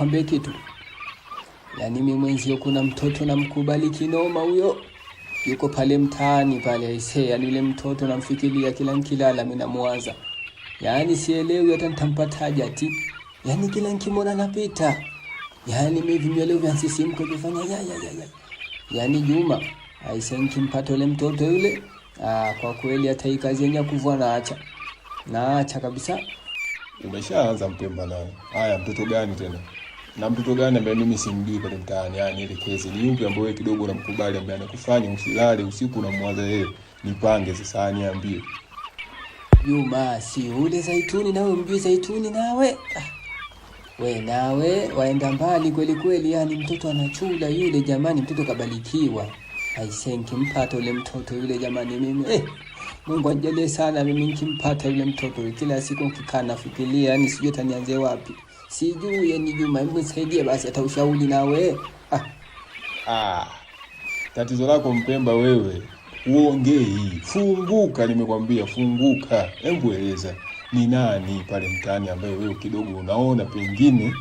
nikwambie kitu, yaani mimi mwenzio, kuna mtoto namkubali kinoma, huyo yuko pale mtaani pale aisee, yaani yule mtoto namfikiria kila nkilala mimi namuwaza, yaani sielewi hata nitampataje ati, yaani kila nkimona napita, yaani mimi vinywele vya msisimko kufanya ya ya ya, yaani Juma aisee, nikimpata yule mtoto yule, ah, kwa kweli hata hii kazi yenyewe kuvua naacha, naacha kabisa. Umeshaanza mpemba naye. Haya, mtoto gani tena? na mtoto gani ambaye mimi simjui pale mtaani, yani ile kesi ni yupi ambaye kidogo namkubali, ambaye anakufanya usilale usiku, unamwaza yeye. Nipange sasa, niambie. Juma, si ule Zaituni nawe mjui Zaituni nawe? Ah, we nawe waenda mbali kweli kweli, yani mtoto anachula yule jamani, mtoto kabalikiwa. I think nikimpata ule mtoto yule jamani, mimi eh, Mungu anjalie sana mimi nikimpata yule mtoto, kila siku nikikaa nafikiria, yani sijui tanianze wapi. Sijui yani Juma, hebu nisaidie basi hata ushauri nawe. Ah. Ah. Tatizo lako Mpemba wewe, uongei. Funguka, nimekwambia funguka. Hebu eleza ni nani pale mtaani ambaye wewe kidogo unaona pengine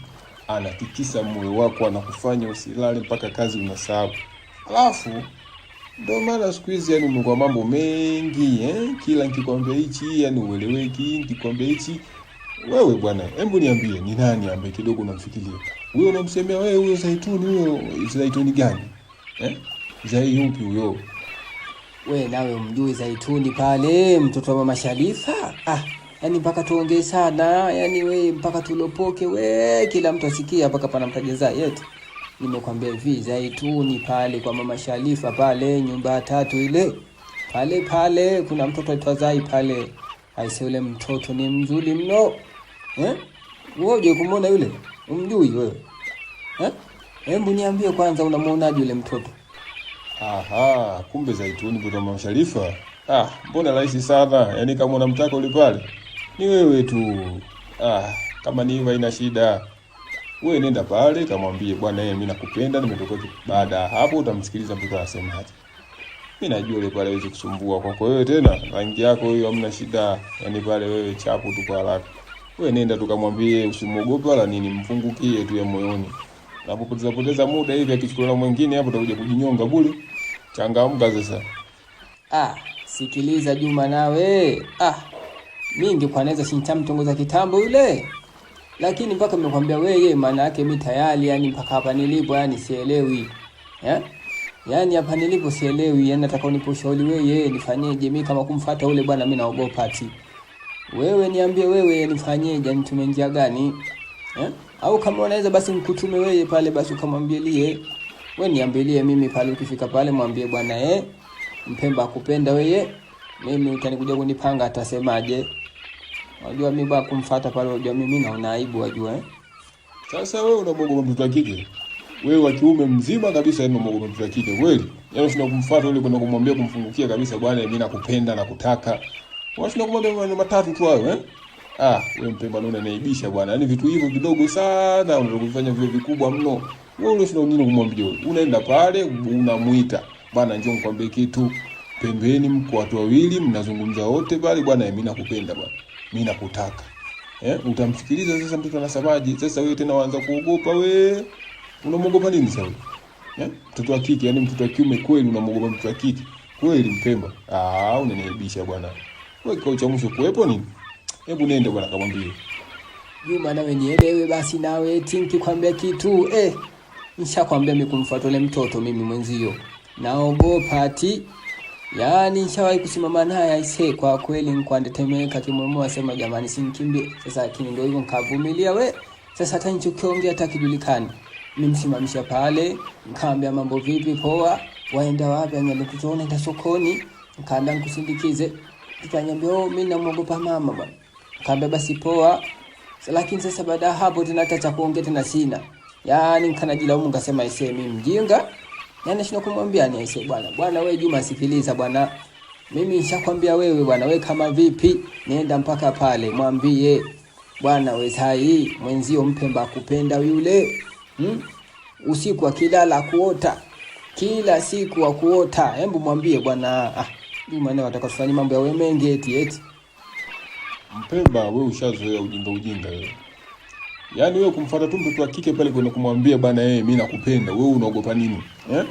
anatikisa moyo wako, anakufanya usilale mpaka kazi unasahau. Alafu ndio maana siku hizi yani umekuwa mambo mengi eh? Kila nikikwambia hichi yani ueleweki, nikikwambia hichi wewe bwana, hebu niambie ni nani ambaye kidogo unamfikiria? Huyo unamsemea wewe huyo Zaituni huyo Zaituni gani? Eh? Zai yupi huyo? Wewe nawe umjui Zaituni pale mtoto wa Mama Sharifa? Ah, yani mpaka tuongee sana, yani we mpaka tulopoke we kila mtu asikia mpaka panamtaja Zai yetu. Nimekwambia hivi Zaituni pale kwa Mama Sharifa pale nyumba ya tatu ile. Pale pale kuna mtoto aitwa Zai pale. Aise, yule mtoto ni mzuri mno. Eh? Wewe kumuona yule? Umjui wewe? Eh? Hebu niambie kwanza unamuonaje yule mtoto? Aha, kumbe Zaituni kutoka Mama Sharifa. Ah, mbona rahisi sana. Yaani kama unamtaka ule pale. Ni wewe tu. Ah, kama ni hivyo haina shida. Wewe nenda pale kamwambie bwana yeye mimi nakupenda nimetokoje. Baada hapo utamsikiliza mtoto hata. Mimi najua yule pale hawezi kusumbua kwako wewe tena. Rangi yako hiyo hamna shida. Yaani pale wewe chapu tu kwa haraka wewe nenda tukamwambie, usimuogope wala nini, mfungukie tu ya moyoni. Unapopoteza poteza muda hivi, akichukuliwa mwingine hapo utakuja kujinyonga bure. Changamka sasa. Ah, sikiliza Juma nawe. Ah, mimi ningekuwa naweza mtongoza kitambo yule, lakini mpaka nimekwambia wewe, maana yake mimi tayari, yani mpaka hapa nilipo, yani sielewi eh Yaani hapa nilipo sielewi, yani nataka unipe ushauri wewe, nifanyeje mimi kama kumfuata ule bwana, mimi naogopa ati. Wewe niambie wewe nifanyeje, nitume njia gani eh? Au kama unaweza basi nikutume wewe pale, basi ukamwambilie wewe, niambilie mimi pale. Ukifika pale mwambie bwana eh, Mpemba akupenda wewe, mimi utanikuja kunipanga, atasemaje? Unajua mimi bwana kumfuata pale, unajua mimi naona aibu, wajua eh. Sasa wewe unamwogopa mtoto wa kike wewe wa kiume mzima kabisa, yani unaogopa mtu wa kike kweli? Yaani unakumfuata yule kwenda kumwambia kumfungukia kabisa, bwana mimi nakupenda na kutaka Unashindwa kubali maneno matatu tu hayo eh? Ah, wewe mpe naona naibisha bwana. Yaani vitu hivyo vidogo sana unataka kufanya vile vikubwa mno. Wewe ule unashindwa nini kumwambia wewe? Unaenda pale unamuita. Bana njoo nikwambie kitu. Pembeni mko watu wawili mnazungumza wote pale bwana, mimi nakupenda bwana. Mimi nakutaka. Eh, utamsikiliza sasa mtoto anasemaje? Sasa wewe tena waanza kuogopa wewe. Unamuogopa nini sasa? Eh? Mtoto wa kike, yani mtoto wa kiume kweli unamuogopa mtoto wa kike? Kweli Mpemba? Ah, unaniibisha bwana. Kwa kikao cha mwisho kuwepo ni Hebu nenda bwana kamwambie. Juma nawe nielewe basi nawe eti nikikwambia kitu eh. Nishakwambia mimi kumfuata yule mtoto mimi mwenzio. Naogopa ati. Yaani nishawahi kusimama naye aise kwa kweli nikwandetemeka kimwemo asema jamani simkimbie. Sasa lakini ndio hivyo nikavumilia we. Sasa hata nichokiongea hata kijulikani. Nimsimamisha pale, nikamwambia mambo vipi poa, waenda wapi? Ananiambia kutoona sokoni, nikaenda nikusindikize. Nikaniambia oh, mimi namuogopa mama bwana. Kaambia basi poa. Lakini sasa baada ya hapo tena hata cha kuongea tena sina. Yaani nikanajilaumu nikasema aisee mimi mjinga. Yaani sina kumwambia ni aisee bwana. Bwana wewe Juma sikiliza bwana. Mimi nishakwambia wewe bwana, wewe kama vipi nienda mpaka pale mwambie bwana wezai mwenzio mpemba kupenda yule hmm? Usiku akilala kuota kila siku akuota, hebu mwambie bwana ah. Maana wataka kufanya mambo ya wemenge eti eti. Mpemba, wewe ushazoea ujinga ujinga wewe. Eh. Yaani wewe kumfuata tu mtoto wa kike pale kwenda kumwambia bana yeye eh, mimi nakupenda, wewe unaogopa nini? Eh?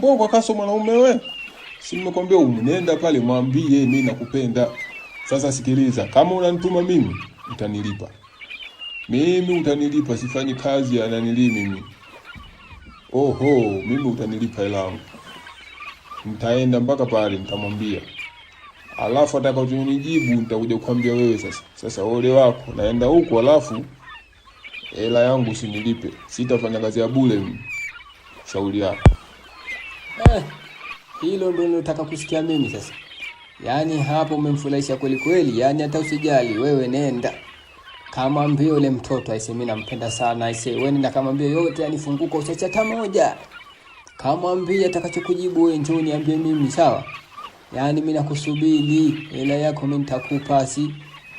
Bongo akaso mwanaume wewe. Si nimekwambia umnenda pale mwambie eh, mimi nakupenda. Sasa sikiliza, kama unanituma mimi utanilipa. Mimi utanilipa, sifanyi kazi ya mimi. Oho, mimi utanilipa hela yangu mtaenda mpaka pale, mtamwambia, alafu atakachonijibu nitakuja kukwambia wewe sasa. Sasa ole wako, naenda huko, alafu hela yangu usinilipe, sitafanya kazi ya bure. Shauri yako. Eh, hilo ndio nataka kusikia mimi sasa. Yaani hapo umemfurahisha kweli kweli, yaani hata usijali wewe, nenda kama mbio. Ule mtoto aise, mimi nampenda sana aise, wewe nenda kama mbio yote, yani funguka usiache hata moja. Kamwambia atakachokujibu wewe, njoo niambie mimi, sawa? Yaani mimi nakusubiri, hela yako mimi nitakupa. Si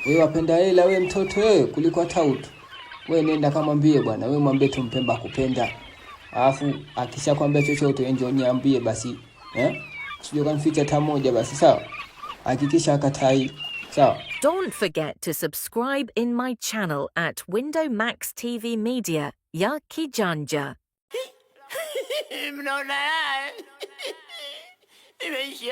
wewe wapenda hela wewe, mtoto wewe, kuliko hata utu wewe. Nenda kamwambie bwana, wewe mwambie tu Mpemba kupenda. alafu akishakwambia chochote njoo niambie basi, eh, kan ficha hata moja basi, sawa? Hakikisha akatai, sawa? Don't forget to subscribe in my channel at Window Max TV Media ya Kijanja. 你们老奶奶，你们笑。